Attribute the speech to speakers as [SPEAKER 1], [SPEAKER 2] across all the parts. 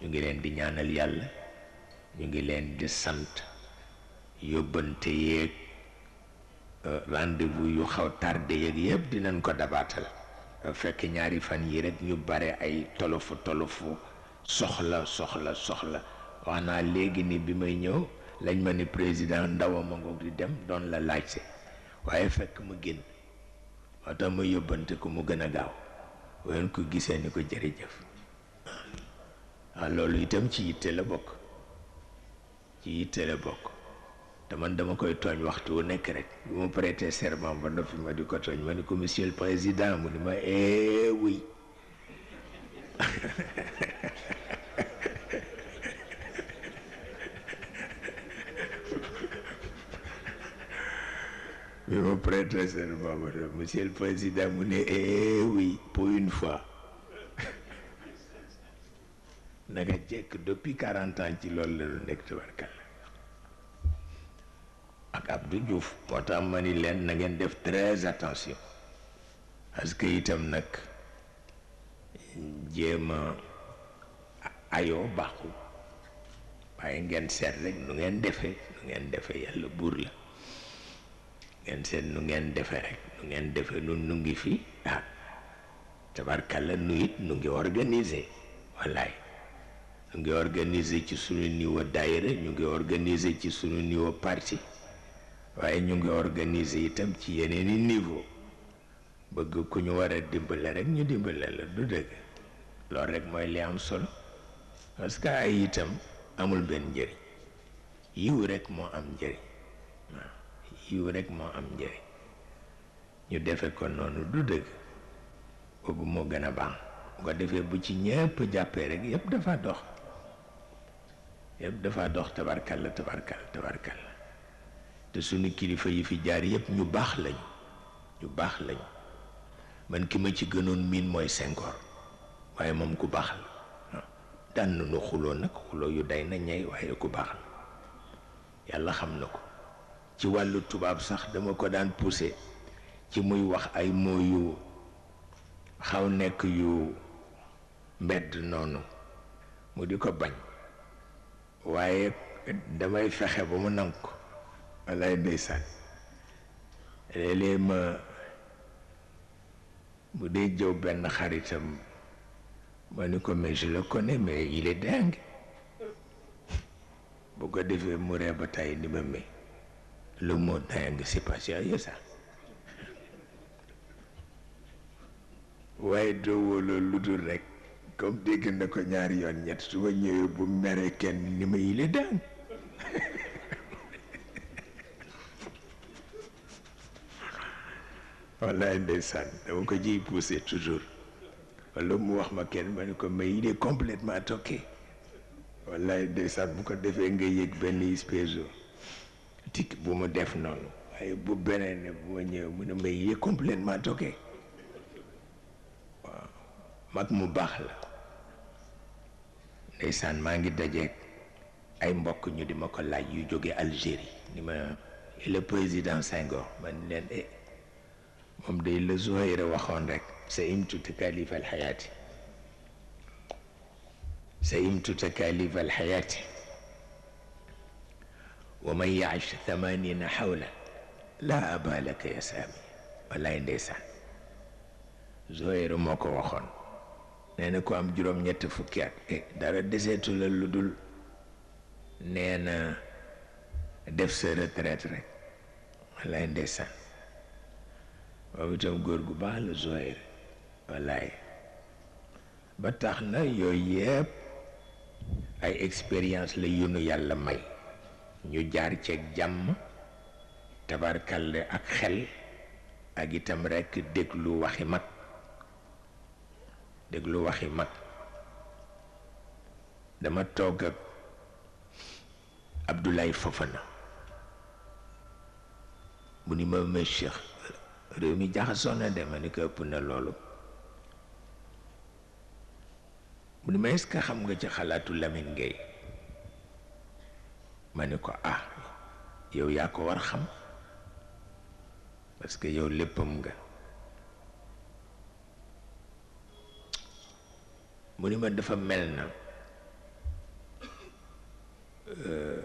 [SPEAKER 1] ñu ngi leen di ñaanal yàlla ñu ngi leen di sant yóbbante yeeg euh, rendez yu xaw tardé yeeg yëpp dinañ ko dabaatal fekk ñaari fan yi rek ñu bare ay tolofu tolofu soxla soxla soxla wax naa léegi ni bi may ñëw lañ ma ni président ndawa ma ngoog di dem doon la laajte waaye fekk mu génn moo ma yóbbante ko mu gën a gaaw ween ko gisee ni ko jërëjëf waaw ah, loolu itam ci yitte la bokk ci yitte la bokk te man dama koy tooñ waxtu wu nekk rek bu ma prêter serment ba noppi ma di ko tooñ ma ni ko monsieur le président mu ni ma eh oui bi ma prêter serment ba noppi monsieur le président mu ne eh oui pour une fois na nga jekk depuis quarante ans ci loolu la nekk tubarkalla ak Abdou Diouf moo tax ma ni leen na ngeen def très attention parce que itam nag jéem a ayoo baaxul waaye ngeen seet rek nu ngeen defee nu ngeen defee yàlla buur la ngeen seet nu ngeen defee rek nu ngeen defee nun nu ngi fi ah tabarkalla nu it nu ngi organiser wallaay ñu ngi organiser ci suñu niveau daayira ñu ngi organiser ci suñu niveau parti waaye ñu ngi organiser itam ci yeneen i niveau bëgg ku ñu war a dimbale rek ñu dimbale la du dëgg loolu rek mooy li am solo parce que ay itam amul benn njëriñ yiw rek moo am njëriñ waaw yiw rek moo am njëriñ ñu defe ko noonu du dëgg boobu moo gën a baax bu ko defee bu ci ñépp jàppee rek yépp dafa dox yëpp dafa dox la tabarkalla tabarkalla te sunu kilifa yi fi jaar yëpp ñu baax lañu ñu baax lañu man ki ma ci gënoon miin mooy Senghor waaye moom ku baax la daan ah, nañu xuloo nag xuloo yu day na waaye ku baax la yàlla xam na ko ci wàllu tubaab sax dama ko daan poussé ci muy wax ay mots yu xaw nekk yu mbedd noonu mu di ko bañ waaye damay fexe ba mu nangu ko walaay ndeysaan léeg-léeg ma bu dee jëw benn xaritam ma ni ko mais je le connais mais il est dingue bu ko defee mu ree ba tey ni ma mais le mot dingue c'est pas sérieux ça waaye doo wóolu lu dul rek comme dégg na ko ñaari yoon ñett su ma ñëwee bu mere kenn ni ma yile daan wallaay ndeysaan dama ko jiy poussé toujours wala mu wax ma kenn ma ne ko mais il est complètement toqué wallaay ndeysaan bu ko defee nga yëg benn espèce tik bu mu def noonu waaye bu beneen ne bu ma ñëwee mu ne mais il est complètement waaw mag mu baax la ndeysaan maa ngi dajeeg ay mbokk ñu di ma ko laaj yu jóge Algérie ni ma le président Senghor man leen e moom day le Zuhayra waxoon rek sa imtu takalif al xayaati sa imtu takalif al xayaati wa man yaash thamanina xawla la abalaka ya saami wallaay ndeysaan Zuhayra moo ko waxoon nee na ko am juróom-ñett fukki at eh, dara deseetu la lu dul nee na def sa retraite rek wallaay ndeysaan boobu itam góor gu baax la Zuhayr wallaay ba tax na yooyu yëpp ay expérience la yu nu yàlla may ñu jaar ceeg jàmm tabarkalle ak xel ak itam rek déglu waxi mag déglu waxi mag dama toog ak Abdoulaye Fofana mu ni ma ma Cheikh réew mi jaxasoo na de ma ni ko ëpp na loolu mu ni ma est-ce xam nga ci xalaatu Lamine Gueye ma ni ko ah yow yaa ko war xam parce que yow léppam nga mu ni ma dafa mel na euh,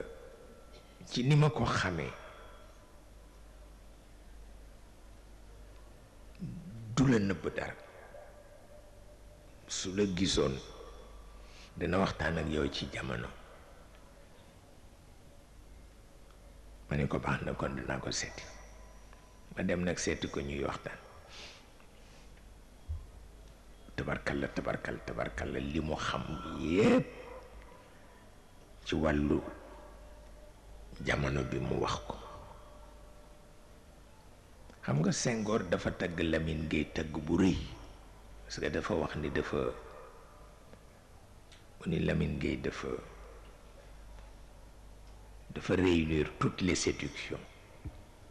[SPEAKER 1] ci ni ma ko xamee du la nëbb dara su la gisoon dina waxtaan ak yow ci jamono ma ne ko baax na kon dinaa ko seeti ma dem nag seeti ko ñuy waxtaan tabarkal tabarkal tabarkal li mo xam yépp ci wàllu jamono bi mu wax ko xam nga dafa parce que dafa wax ni dafa Lamine dafa dafa réunir toutes les séductions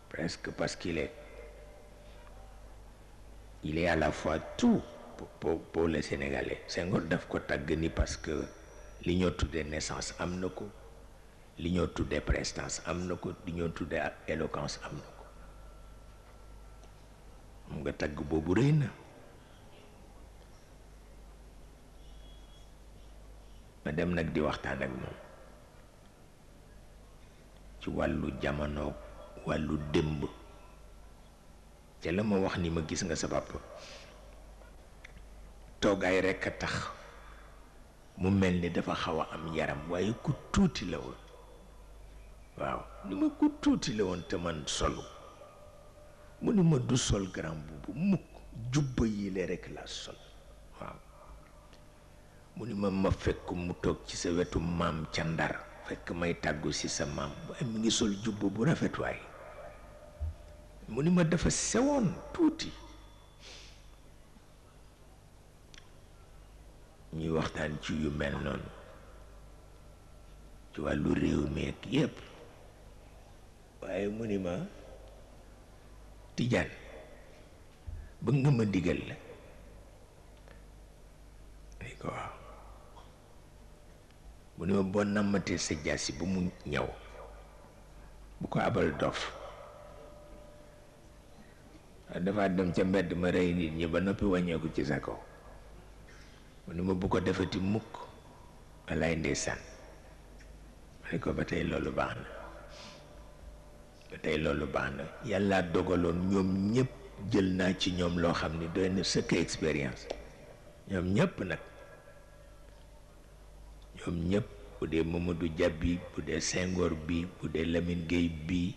[SPEAKER 1] presque parce qu'il est il est à la fois tout po pour les sénégalais Senghor daf ko tàgg ni parce que li ñoo tuddee naissance am na ko li ñoo tuddee prestance am na ko li ñoo tuddee éloquence am na ko xam nga tagg boobu rëy na ma dem nag di waxtaan ak moom ci wàllu jamono wàllu démb te la ma wax ni ma gis nga sa toogaay rekk a tax mu mel ni dafa xaw a am yaram waaye ku tuuti la woon waaw lu ma ku tuuti la woon te man solu mu ni ma du sol grand buubu mukk jubba yi la rekk laa sol waaw mu ni ma ma fekk mu toog ci sa wetu maam ca ndar fekk may tàggu si sa maam waaye mi ngi sol jubba bu rafet waay mu ni ma dafa sewoon tuuti ñuy waxtaan ci yu mel noonu ci wàllu réew mi ak yépp waaye mu ni ma tijaan ba nga ma digal la ni ko mu ni ma boo nàmmatee sa jaasi ba mu ñaw bu ko abal dof dafa dem ca mbedd ma rey nit ñi ba noppi wàññeeku ci sa kaw mu ma bu ko ti mukk walaay ndeysaan ma ne ko ba tey loolu baax na ba tey loolu baax na yàlla dogaloon ñoom ñëpp jël naa ci ñoom loo xam ni doy na sëkk expérience ñoom ñëpp nag ñoom ñëpp bu dee Mamadou Diaby bu dee Senghor bi bu dee Lamine Gueye bi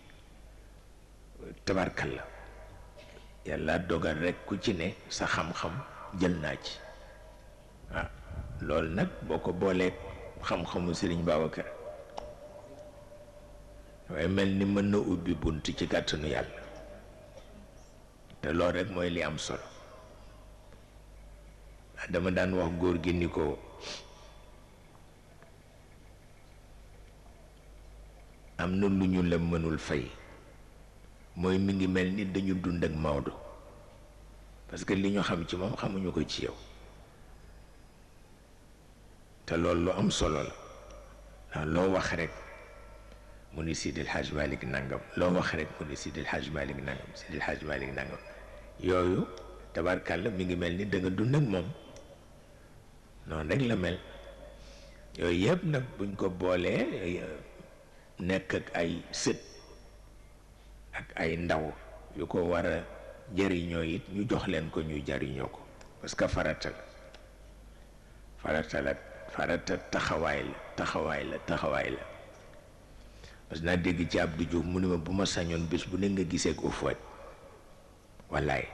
[SPEAKER 1] tabarkal la yàlla dogal rekk ku ci ne sa xam-xam jël naa ci waaw ah, loolu nag boo ko booleeg xam-xamu sëriñ Babacar waaye mel ni mën na ubbi bunt ci kàttanu yàlla te lool rek mooy li am solo ah, dama daan wax góor gi ni ko am na lu ñu la mënul fay mooy mi ngi mel ni dañu dund ak Maodo parce que li ñu xam ci moom xamuñu ko ci yow te loolu lu am solo la ndax loo wax rek mu ni Sidil Hadj malik nangam loo wax rek mu ni Sidil Hadj malik nangam Sidil Hadj malik nangam yooyu tabarkàlla mi ngi mel ni da nga dund ak moom noonu rek la mel yooyu yëpp nag buñ ko boolee nekk ak ay sët ak ay ndaw yu ko war a jëriñoo it ñu jox leen ko ñu jëriñoo ko parce que farata la farata la farata taxawaay la taxawaay la taxawaay la parce naa dégg ci Abdou Diouf mu ni ma bu ma sañoon bés bu ne nga gisee koo fët wallaay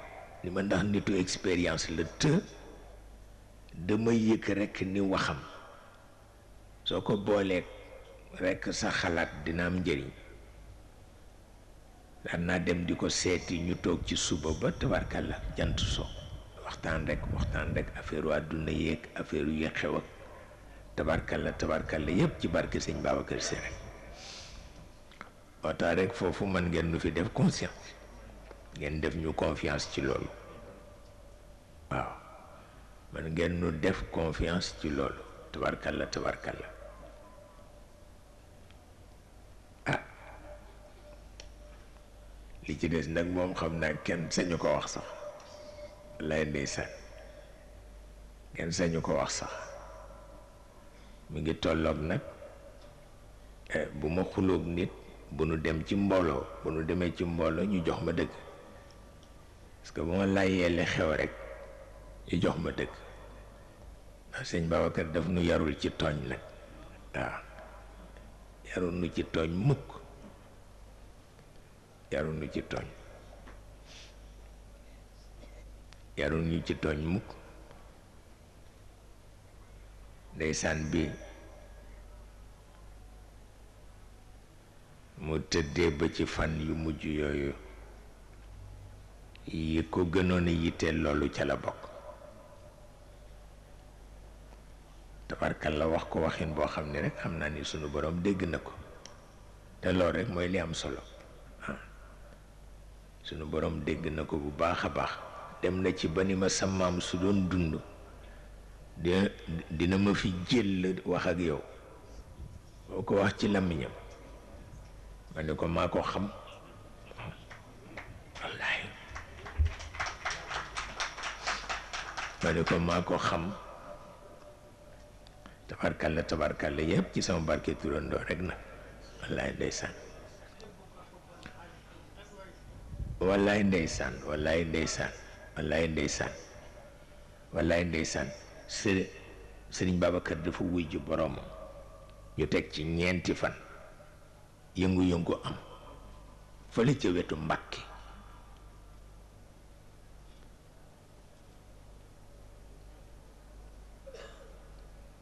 [SPEAKER 1] li ma ndax nitu expérience la të dama yëg rekk ni waxam soo ko booleeg rekk sa xalaat dina am njëriñ daan naa dem di ko seeti ñu toog ci suba ba tabarkalla jant so waxtaan rekk waxtaan rekk affaire àdduna yeeg affaire yu xew ak tabarkalla tabarkalla yëpp ci barke sëñ Babacar Si foofu mën ngeen nu fi def conscience ngeen def ñu confiance ci loolu waaw mën ngeen nu def confiance ci loolu tabarkalla tabarkalla ah li ci des nag moom xam naa kenn sañu ko wax sax lay ndeysaan kenn sañu ko wax sax mi ngi tolloog nag eh, bu ma xuloog nit bu nu dem ci mbooloo bu nu demee ci mbooloo ñu jox ma dëgg parce que bu ma laajee li xew rek ñu jox ma dëgg ndax sëñ Babacar daf nu yarul ci tooñ nag waaw yarul nu ci tooñ mukk yarul nu ci tooñ yarul nu ci tooñ mukk ndeysaan bi mu tëddee ba ci fan yu mujj yooyu yi ko gënoon a yitteel loolu ca la bokk tabarkal la wax ko waxin boo xam ne rek xam naa ni sunu boroom dégg na ko te lool rek mooy li am solo ah. sunu boroom dégg na ko bu baax a baax dem na ci ba ni ma sa maam su doon dund dina ma fi jël wax ak yow boo ko wax ci làmmiñam ma ni ko maa ko xam wallaahi ma ne ko maa ko xam tabarkalla tabarkalla yëpp ci sama barke turandoo rek na wallaahi ndeysaan wallaahi ndeysaan wallaahi ndeysaan wallaahi ndeysaan wallaahi ndeysaan sëriñ Babacar dafa wuy ji ñu teg ci ñeenti fan yëngu-yëngu am fële ca wetu Mbàkke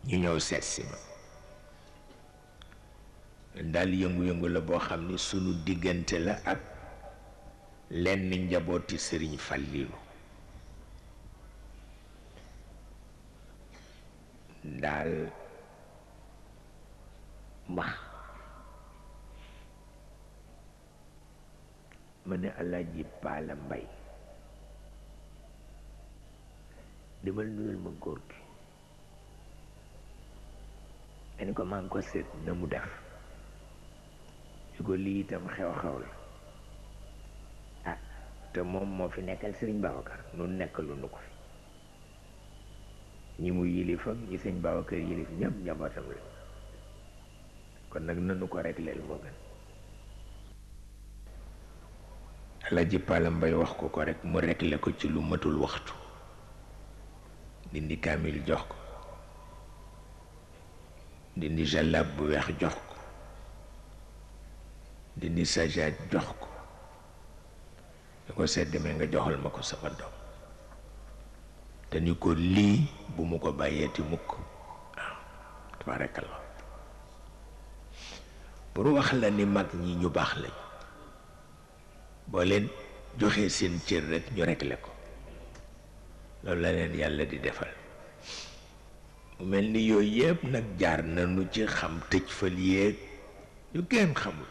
[SPEAKER 1] ñu ñëw seet si ma daal yëngu-yëngu la boo xam ni sunu diggante la ak lenn njabooti sëriñ Fàllilu daal mbax ma ne Alaaji Paala Mbay demal nuyul ma góor gi ma ko maa ngi ko seet na mu def li ko lii itam xew-xew la ah te moom moo fi nekkal Sëriñ Babacar nun nekkalu nu ko ñi mu yilif ak ñi sëñ Babacar yilif ñëpp njabootam la kon nag nanu ko rek leel moo gën Alaaji Pala Mbay wax ko ko rek mu rek la ko ci lu matul waxtu dindi kaamil jox ko dindi jallab bu weex jox ko dindi sajaat jox ko da ko sedd demee nga joxal ma ko sama dox te ni ko lii bu mu ko bàyyeeti mukk waaw tabarakallah pour wax la ni mag ñi ñu baax lañ boo leen joxee seen cër rek ñu réglé ko loolu la leen yàlla di defal mu mel ni yooyu yépp nag jaar nañu ci xam tëj fal yéeg yu kenn xamul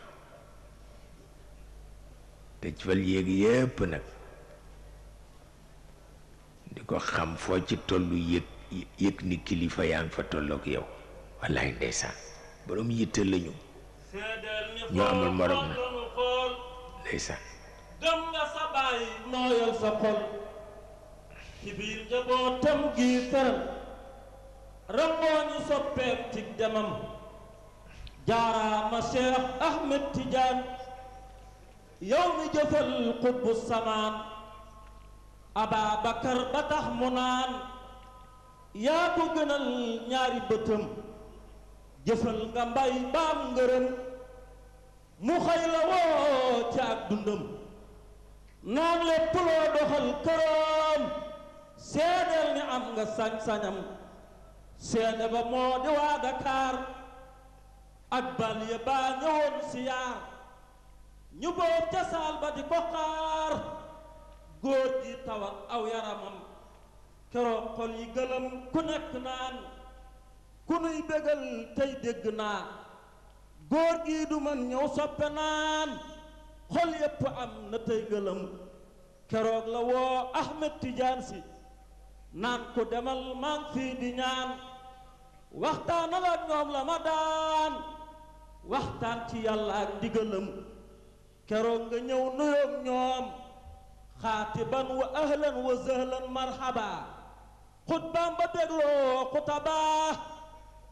[SPEAKER 1] tëj fal yéeg yëpp nag di ko xam foo ci tollu yëg yëg ni kilifa yaa ngi fa tolloog yow wallaay ndeysaan borom yitte lañu ñoo amul morom na ndeysaan
[SPEAKER 2] gëm nga sa bàyyi nooyal sa xol ci biir njabootam gi tëral ramboo ñu soppeek ci demam jaaraama Cheikh Ahmed Tidiane yow mi jëfal xutbu samaan Ababakar ba tax mu naan yaa ko gënal ñaari bëtam jëfal nga mbay baam ngërëm mu xëy la woo ca ak dundam naan lépp loo doxal këram seedeel ni am nga sañ seede ba moo di waa ak bal ya baa ñëwoon si ñu boob ca saal ba di ko xaar góor ji tawat aw yaramam keroog xol yi gëlëm ku nekk naan ku nuy bégal tey dégg naa góor gi du mën ñëw soppe naan xol yépp am na tey gëlëm keroog la woo Ahmed Tidiane si naan ko demal maa ngi fii di ñaan waxtaanal ñoom la ma daan waxtaan ci yàlla ak ndigalam keroog nga ñëw nuyoog ñoom xaatiban wa ahlan wa zahlan marhaba xutbaam ba dégloo xutabaa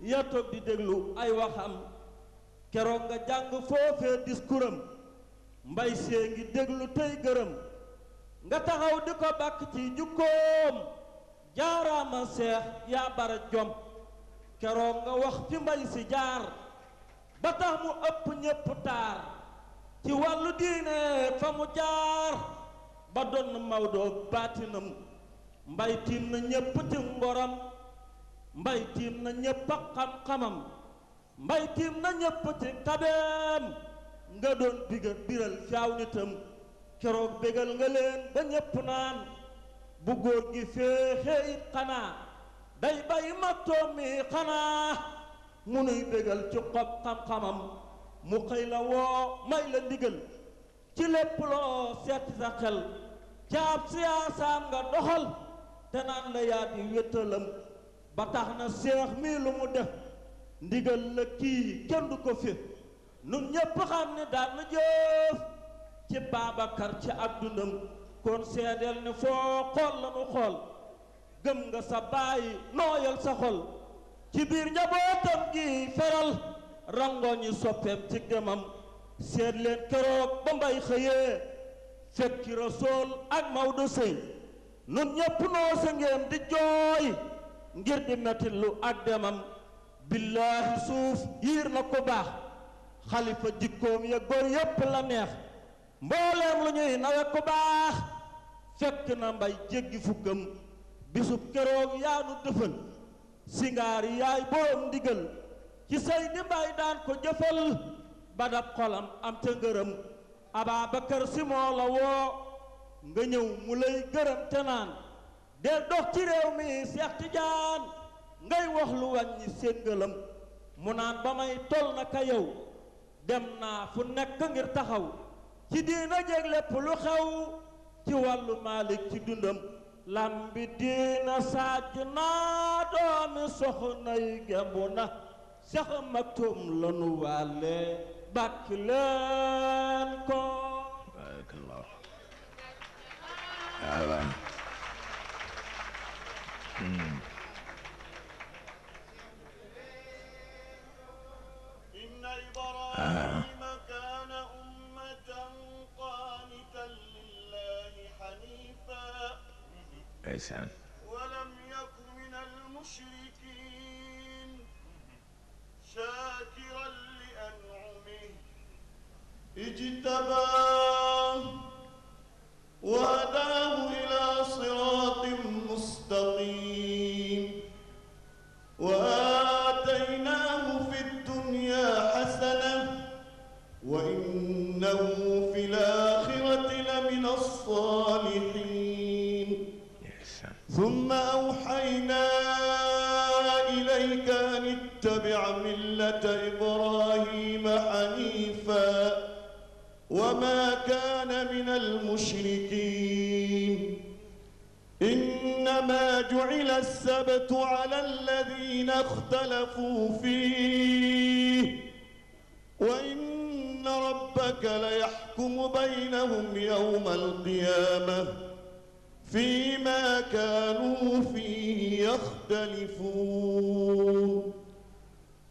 [SPEAKER 2] ya toog di déglu ay waxam keroog nga jàng foofee discours am mbay see ngi déglu tey gërëm nga taxaw di ko bàkk ci jukkoom jaaraama seex yaa bara jom keroog nga wax ci mbay si jaar ba tax mu ëpp ñépp taar ci wàllu diine fa mu jaar ba doon Maodo baatinam mbay tiim na ñépp ci ngoram mbay tiim na ñépp a xam ci kabeem nga doon bigal biral caaw nitam keroog bégal nga leen ba ñépp naan bu góor gi féexee it xanaa day bay mattoom mi xanaa mu bégal ci xob xam-xamam mu xëy la woo may la ndigal ci lépp loo seet sa xel caab siyaasaam nga doxal te naan la yaa di wéttalam ba tax na seex mii lu mu def ndigal la kii kenn du ko fi nun ñépp xam ne daan na jëf ci Babacar ci ab dundam kon seedeel ni foo xool la xool gëm nga sa bàyyi nooyal sa xol ci biir njabootam gi feral rangoo ñi soppeem ci gëmam seet leen keroog ba mbay xëyee seet ci rasool ak Maodo sëy nun ñépp noo sa ngeen di jooy ngir di metti ak demam billaahi suuf yiir na ko baax xalifa jikkoom ya góor yépp la neex mbooleem lu ñuy nawe ko baax fekk na mbay jéggi fukkam bisub keroog yaa nu dëfal singaar yaay boom ndigal ci say di mbay daan ko jëfal ba xolam am ca ngërëm Ababacar Si moo la woo nga ñëw mu lay gërëm naan del dox ci réew mi Cheikh Tidiane ngay wax lu wàññi seen ngëlam mu naan ba may toll naka yow dem naa fu nekk ngir taxaw ci diina jéeg lépp lu xew ci wàllu Malick ci dundam lambi diina saaj naa doomi soxna yi gembu na Cheikh Maktoum lanu wàlle bàkk leen ko barakallah
[SPEAKER 1] waaw Ndeysaan
[SPEAKER 3] اجتباه وهداه إلى صراط مستقيم وآتيناه في الدنيا حسنة وإنه في الآخرة لمن الصالحين ثم أوحينا إليك أن اتبع ملة وما كان من المشركين إنما جعل السبت على الذين اختلفوا فيه وإن ربك ليحكم بينهم يوم القيامة فيما كانوا فيه يختلفون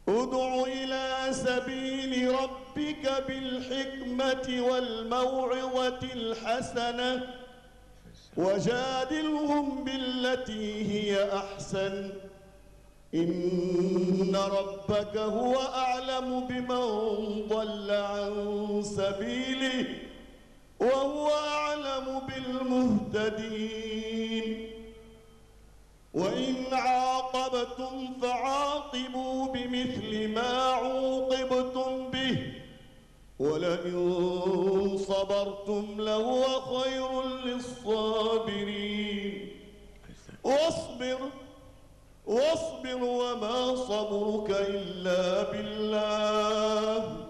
[SPEAKER 3] ادع إلى سبيل ربك بالحكمة والموعظة الحسنة وجادلهم بالتي هي أحسن إن ربك هو أعلم بمن ضل عن سبيله وهو أعلم بالمهتدين وإن عاقبتم فعاقبوا بمثل ما عوقبتم به ولئن صبرتم لهو خير للصابرين واصبر واصبر وما صبرك إلا بالله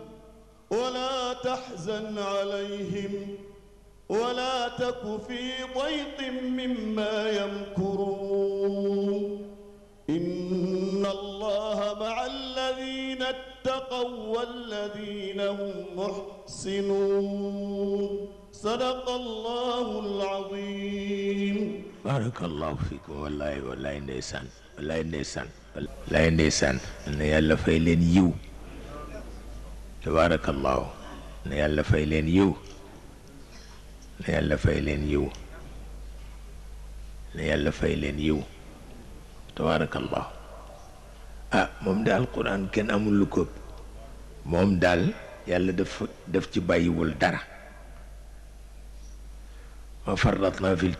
[SPEAKER 3] ولا تحزن عليهم ولا تك في ضيق مما يمكرون اتقوا والذين هم محسنون صدق الله العظيم
[SPEAKER 1] بارك الله فيكم والله والله نيسان والله نيسان والله نيسان ان يلا فايلين يو تبارك الله ان يلا فايلين يو ان يلا فايلين يو ان يلا فايلين يو تبارك الله ah moom daal quran kenn amul moom daal yàlla daf def ci bàyyiwul dara ma farratna fil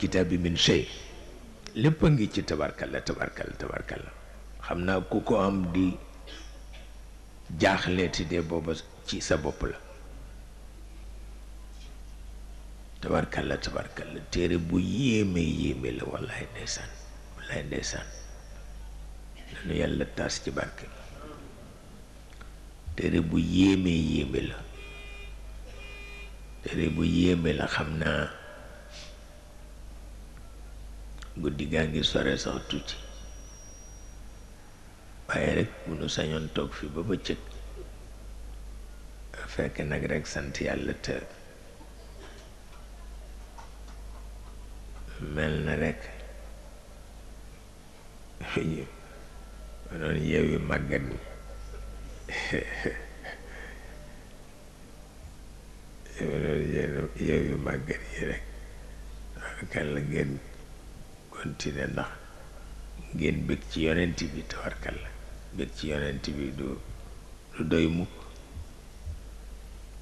[SPEAKER 1] lépp a ngi ci tabarkalla tabarkalla tabarkalla xam naa ku ko am di jaaxleeti sa bopp la tabarkalla téere bu yéeme yéeme la wallaay ndeysaan wallaay yàlla taas ci barke téere bu yéeme yéeme la téere bu yéeme la xam naa guddi gaa ngi sore sax tuuti waaye rek bu nu sañoon toog fi ba bëccëg fekk nag rekk sant yàlla te mel na rek noonu yeewi màggat mi yow yu màggat yi rek loolu kan la ngeen continuer ndax ngeen bëgg ci yonent bi tawarkal la bëgg ci yonent bi du du doy mukk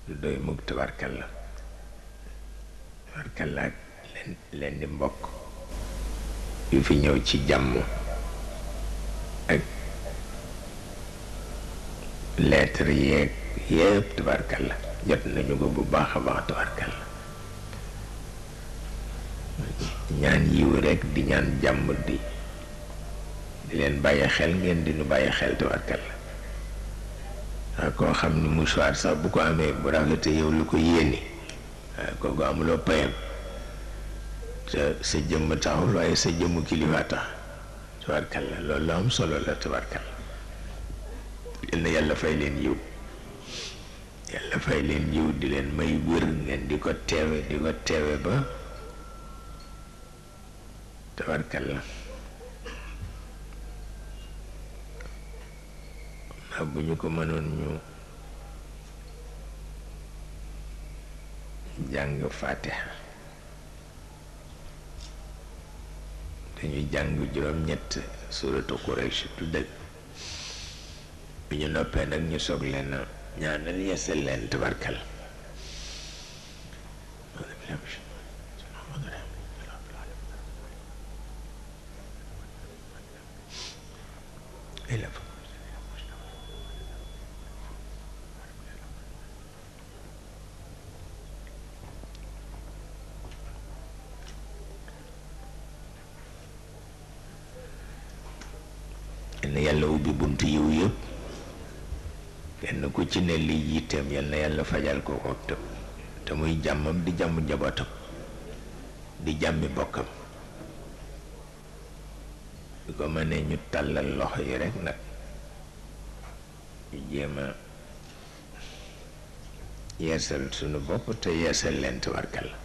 [SPEAKER 1] du doy mukk tawarkal la tawarkal la ak leen leen di mbokk yu fi ñëw ci jàmm ak lettre yeeg yëpp la jot nañu ko bu baax a baax tubarkalla ñaan yiw rek di ñaan jàmm di di leen bàyyi xel ngeen di bàyyi xel tubarkalla waaw ah, koo xam ni mouchoir sax bu ko amee bu rafetee yow lu ko yéene waaw ah, kooku amuloo payam te sa jëmm taxul waaye sa jëmmu kilifa tax tubarkalla loolu la am solo la tubarkalla yal yàlla fay leen yiw yàlla fay leen yiw di leen may wër ngeen di ko teewe di ko teewe ba tabarkal la bu ñu ko mënoon ñu jàng faatiha dañuy jàng juróom-ñett suratu Quraysh tu dëgg bi ñu noppee nag ñu soog leen ñaanal yeesal leen tabarkal yàlla ubbi bunt yiw yëpp kenn ku ci ne lii yitteem yal na yàlla fajal ko ko te te muy jàmmam di jàmm njabootam di jàmmi bokkam bi ko ne ñu tàllal loxo yi rek nag ñu jéem a sunu bopp te yeesal leen tabarkal la